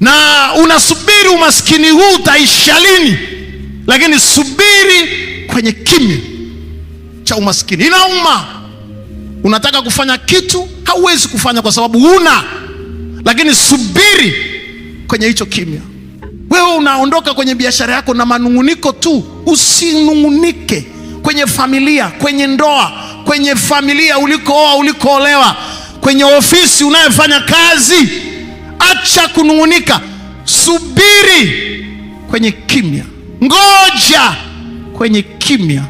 na unasubiri umaskini huu utaisha lini? Lakini subiri kwenye kimya cha umaskini. Inauma, unataka kufanya kitu hauwezi kufanya kwa sababu una lakini subiri kwenye hicho kimya. Wewe unaondoka kwenye biashara yako na manung'uniko tu, usinung'unike kwenye familia, kwenye ndoa, kwenye familia ulikooa, ulikoolewa, kwenye ofisi unayofanya kazi acha kunung'unika, subiri kwenye kimya, ngoja kwenye kimya.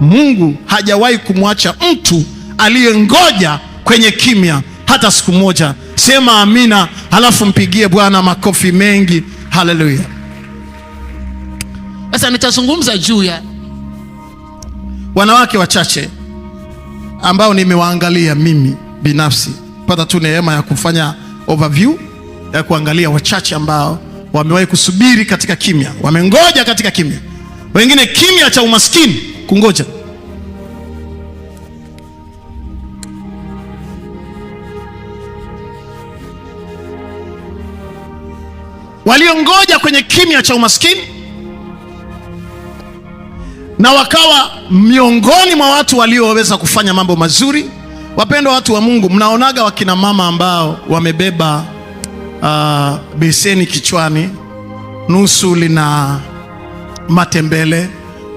Mungu hajawahi kumwacha mtu aliyengoja kwenye kimya hata siku moja. Sema amina, halafu mpigie Bwana makofi mengi. Haleluya! Sasa nitazungumza juu ya wanawake wachache ambao nimewaangalia mimi binafsi, pata tu neema ya kufanya overview ya kuangalia wachache ambao wamewahi kusubiri katika kimya, wamengoja katika kimya, wengine kimya cha umaskini, kungoja. Waliongoja kwenye kimya cha umaskini na wakawa miongoni mwa watu walioweza kufanya mambo mazuri. Wapendwa watu wa Mungu, mnaonaga wakina mama ambao wamebeba uh, beseni kichwani, nusu lina matembele,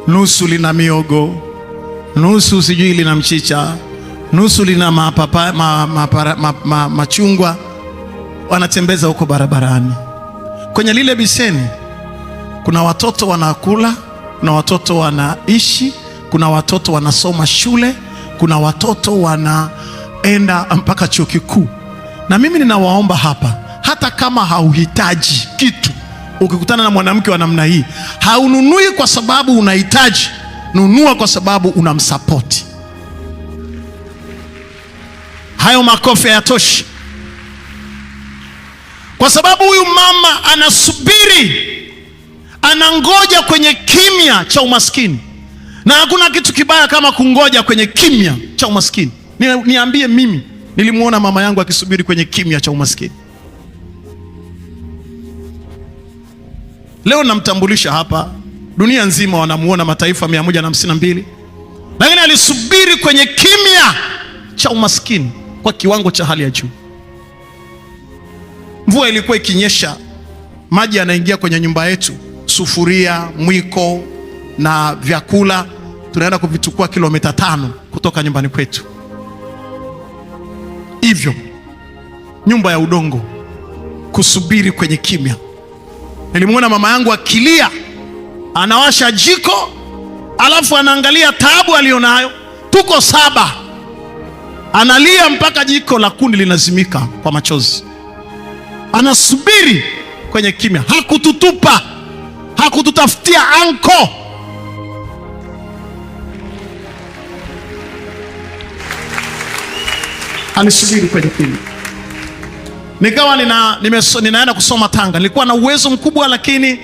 nusu lina miogo, nusu sijui lina mchicha, nusu lina mapapa, ma, ma, ma, ma, machungwa. Wanatembeza huko barabarani. Kwenye lile beseni kuna watoto wanakula, kuna watoto wanaishi, kuna watoto wanasoma shule, kuna watoto wanaenda mpaka chuo kikuu. Na mimi ninawaomba hapa hata kama hauhitaji kitu. Ukikutana na mwanamke wa namna hii, haununui kwa sababu unahitaji, nunua kwa sababu unamsapoti. Hayo makofi hayatoshi, kwa sababu huyu mama anasubiri, anangoja kwenye kimya cha umaskini, na hakuna kitu kibaya kama kungoja kwenye kimya cha umaskini. Niambie mimi, nilimwona mama yangu akisubiri kwenye kimya cha umaskini. Leo namtambulisha hapa, dunia nzima wanamuona, mataifa 152 lakini alisubiri kwenye kimya cha umaskini kwa kiwango cha hali ya juu. Mvua ilikuwa ikinyesha, maji yanaingia kwenye nyumba yetu, sufuria, mwiko na vyakula tunaenda kuvichukua kilomita tano kutoka nyumbani kwetu, hivyo nyumba ya udongo, kusubiri kwenye kimya. Nilimwona mama yangu akilia, anawasha jiko, alafu anaangalia taabu aliyonayo. Tuko saba, analia mpaka jiko la kuni linazimika kwa machozi. Anasubiri kwenye kimya, hakututupa, hakututafutia anko alisubiri kwenye kimya nikawa nina, nime, ninaenda kusoma Tanga. Nilikuwa na uwezo mkubwa, lakini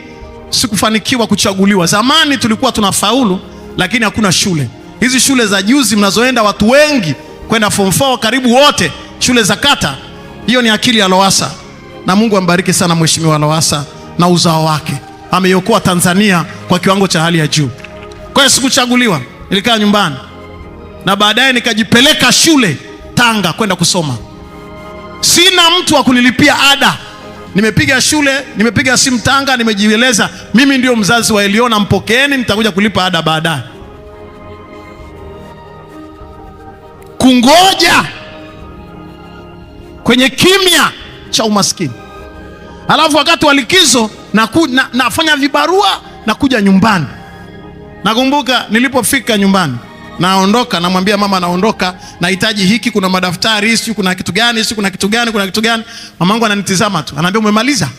sikufanikiwa kuchaguliwa. Zamani tulikuwa tunafaulu, lakini hakuna shule hizi shule za juzi mnazoenda watu wengi kwenda form 4 karibu wote, shule za kata. Hiyo ni akili ya Lowassa, na Mungu ambariki sana mheshimiwa Lowassa na uzao wake, ameiokoa Tanzania kwa kiwango cha hali ya juu. Kwa hiyo sikuchaguliwa, nilikaa nyumbani na baadaye nikajipeleka shule Tanga kwenda kusoma sina mtu wa kunilipia ada. Nimepiga shule, nimepiga simu Tanga, nimejieleza mimi ndio mzazi wa Eliona, mpokeeni, nitakuja kulipa ada baadaye. Kungoja kwenye kimya cha umaskini, alafu wakati wa likizo na, nafanya vibarua nakuja nyumbani. Nakumbuka nilipofika nyumbani naondoka, namwambia mama, naondoka, nahitaji hiki, kuna madaftari, si kuna kitu gani, si kuna kitu gani, kuna kitu gani. Mamangu ananitizama tu, anaambia umemaliza?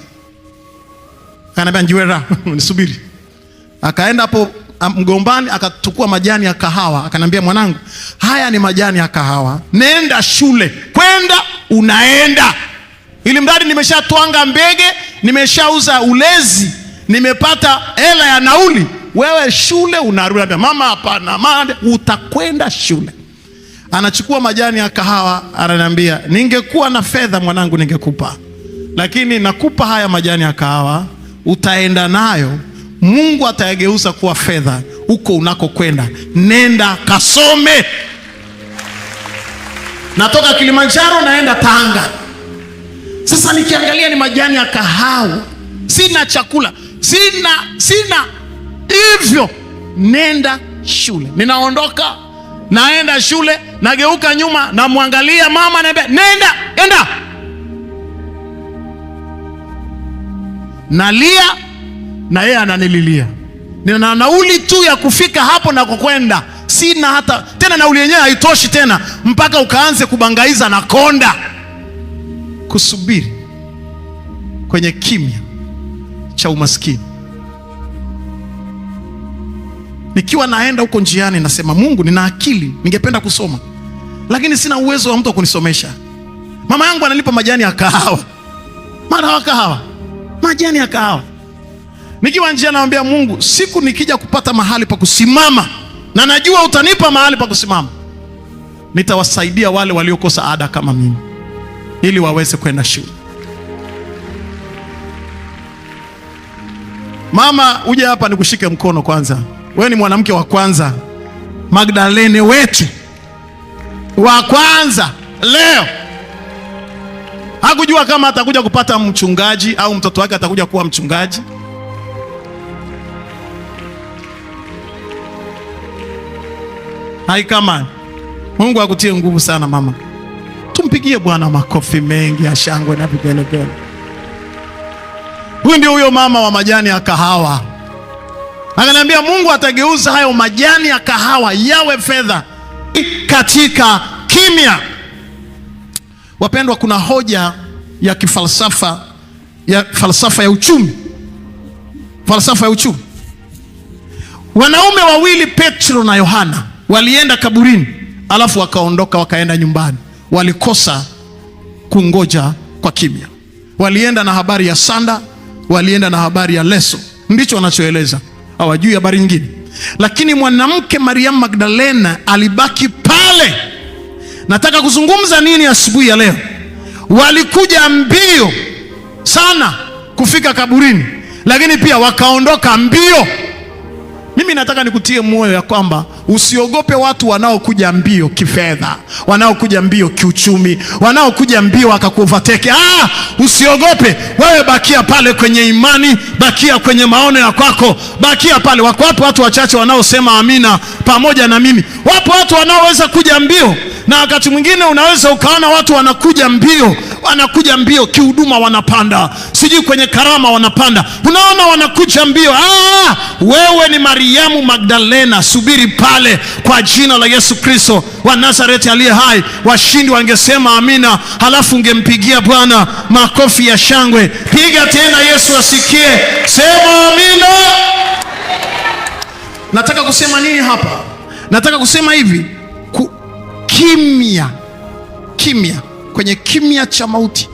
Ananiambia njiwera, nisubiri. Akaenda hapo mgombani, akachukua majani ya kahawa, akanambia mwanangu, haya ni majani ya kahawa, nenda shule, kwenda unaenda ili mradi nimeshatwanga mbege, nimeshauza ulezi, nimepata hela ya nauli wewe shule unarudi, mama hapana, mada utakwenda shule. Anachukua majani ya kahawa, ananiambia, ningekuwa na fedha mwanangu, ningekupa lakini nakupa haya majani ya kahawa, utaenda nayo, Mungu atayageuza kuwa fedha huko unakokwenda. Nenda kasome. Natoka Kilimanjaro naenda Tanga. Sasa nikiangalia ni majani ya kahawa, sina chakula, sina sina hivyo nenda shule. Ninaondoka naenda shule, nageuka nyuma, namwangalia mama, naambia nenda, enda, nalia na yeye ananililia. Nina nauli tu ya kufika hapo na kukwenda, sina hata tena. Nauli yenyewe haitoshi tena, mpaka ukaanze kubangaiza na konda. Kusubiri kwenye kimya cha umaskini nikiwa naenda huko njiani nasema, Mungu, nina akili, ningependa kusoma, lakini sina uwezo wa mtu wa kunisomesha. Mama yangu analipa majani ya kahawa, wa kahawa, majani ya kahawa. Nikiwa njia naambia Mungu, siku nikija kupata mahali pa kusimama, na najua utanipa mahali pa kusimama, nitawasaidia wale waliokosa ada kama mimi, ili waweze kwenda shule. Mama, uje hapa nikushike mkono kwanza. Wewe ni mwanamke wa kwanza Magdalene wetu wa kwanza leo. Hakujua kama atakuja kupata mchungaji au mtoto wake atakuja kuwa mchungaji. haikama Mungu akutie nguvu sana mama. Tumpigie Bwana makofi mengi ya shangwe na vigelegele. Huyu ndio huyo mama wa majani ya kahawa. Akaniambia Mungu atageuza hayo majani ya kahawa yawe fedha katika kimya. Wapendwa, kuna hoja ya kifalsafa ya falsafa ya uchumi, falsafa ya uchumi. Wanaume wawili Petro na Yohana walienda kaburini, alafu wakaondoka wakaenda nyumbani, walikosa kungoja kwa kimya. Walienda na habari ya sanda, walienda na habari ya leso, ndicho wanachoeleza hawajui habari nyingine. Lakini mwanamke mariam Magdalena alibaki pale. Nataka kuzungumza nini asubuhi ya leo? Walikuja mbio sana kufika kaburini, lakini pia wakaondoka mbio. Mimi nataka nikutie moyo ya kwamba Usiogope watu wanaokuja mbio kifedha, wanaokuja mbio kiuchumi, wanaokuja mbio akakuovateke. Ah, usiogope wewe, bakia pale kwenye imani, bakia kwenye maono ya kwako, bakia pale. Wako wapo watu wachache wanaosema amina pamoja na mimi. Wapo watu wanaoweza kuja mbio, na wakati mwingine unaweza ukaona watu wanakuja mbio wanakuja mbio kihuduma, wanapanda sijui kwenye karama, wanapanda unaona, wanakuja mbio. Ah, wewe ni Mariamu Magdalena, subiri pale yale kwa jina la Yesu Kristo wa Nazareti aliye hai. Washindi wangesema amina, halafu ungempigia Bwana makofi ya shangwe. Piga tena, Yesu asikie, sema amina. Nataka kusema nini hapa? Nataka kusema hivi ku, kimya kimya, kwenye kimya cha mauti,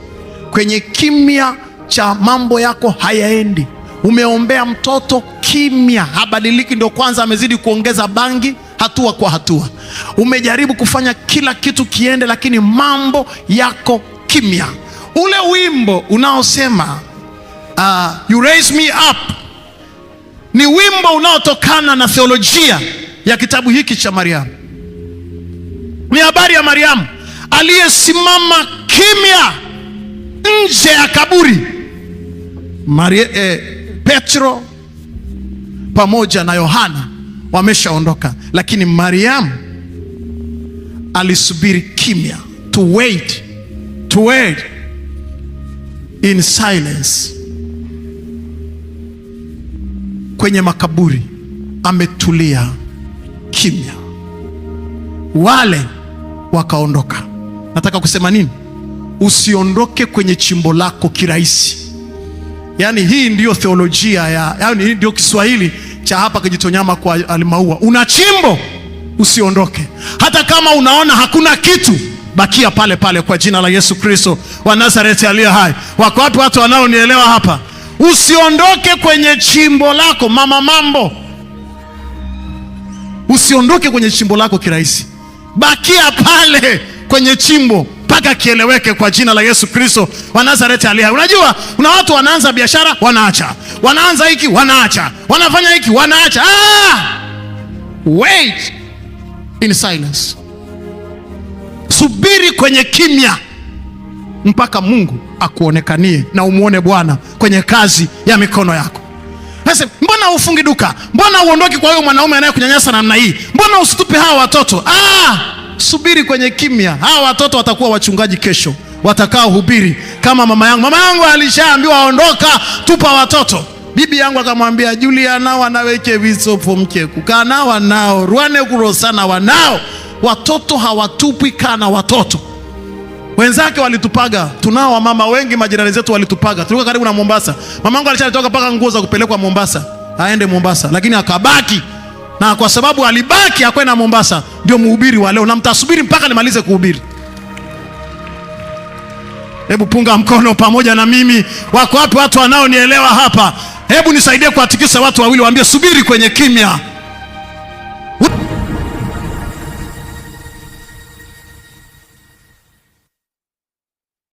kwenye kimya cha mambo yako hayaendi Umeombea mtoto kimya, habadiliki, ndio kwanza amezidi kuongeza bangi hatua kwa hatua. Umejaribu kufanya kila kitu kiende, lakini mambo yako kimya. Ule wimbo unaosema uh, you raise me up ni wimbo unaotokana na theolojia ya kitabu hiki cha Mariamu. Ni habari ya Mariamu aliyesimama kimya nje ya kaburi Marie, eh, Petro pamoja na Yohana wameshaondoka, lakini Mariamu alisubiri kimya, to wait, to wait in silence kwenye makaburi, ametulia kimya, wale wakaondoka. Nataka kusema nini? Usiondoke kwenye chimbo lako kirahisi. Yaani hii ndiyo theolojia ya, yaani hii Kiswahili cha hapa Kijitonyama kwa Alimaua. Una chimbo usiondoke, hata kama unaona hakuna kitu, bakia pale pale kwa jina la Yesu Kristo wa Nazareti aliye hai. Wako watu watu wanaonielewa hapa? Usiondoke kwenye chimbo lako, mama mambo, usiondoke kwenye chimbo lako kirahisi, bakia pale kwenye chimbo mpaka kieleweke kwa jina la Yesu Kristo wa Nazareti aliye. Unajua, kuna watu wanaanza biashara wanaacha, wanaanza hiki wanaacha, wanafanya hiki wanaacha. Ah! Wait in silence, subiri kwenye kimya mpaka Mungu akuonekanie na umwone Bwana kwenye kazi ya mikono yako. Sasa mbona ufungi duka? Mbona uondoki kwa huyo mwanaume anayekunyanyasa namna hii? Mbona usitupe hawa watoto? Ah! subiri kwenye kimya. Hawa watoto watakuwa wachungaji kesho, watakao hubiri kama mama yangu. Mama yangu alishaambiwa aondoka, tupa watoto. Bibi yangu akamwambia nao wanaweke visopo mcheku kana wanao ruane kurosana wanao watoto hawatupwi, kana watoto wenzake walitupaga. Tunao wamama wengi, majirani zetu walitupaga. Tulikuwa karibu na Mombasa, mamangu alishatoka mpaka nguo za kupelekwa Mombasa, aende Mombasa, lakini akabaki na kwa sababu alibaki akwenda Mombasa, ndio mhubiri wa leo, na mtasubiri mpaka nimalize kuhubiri. Hebu punga mkono pamoja na mimi. Wako wapi watu wanaonielewa hapa? Hebu nisaidie kuwatikisa watu wawili, waambie subiri kwenye kimya.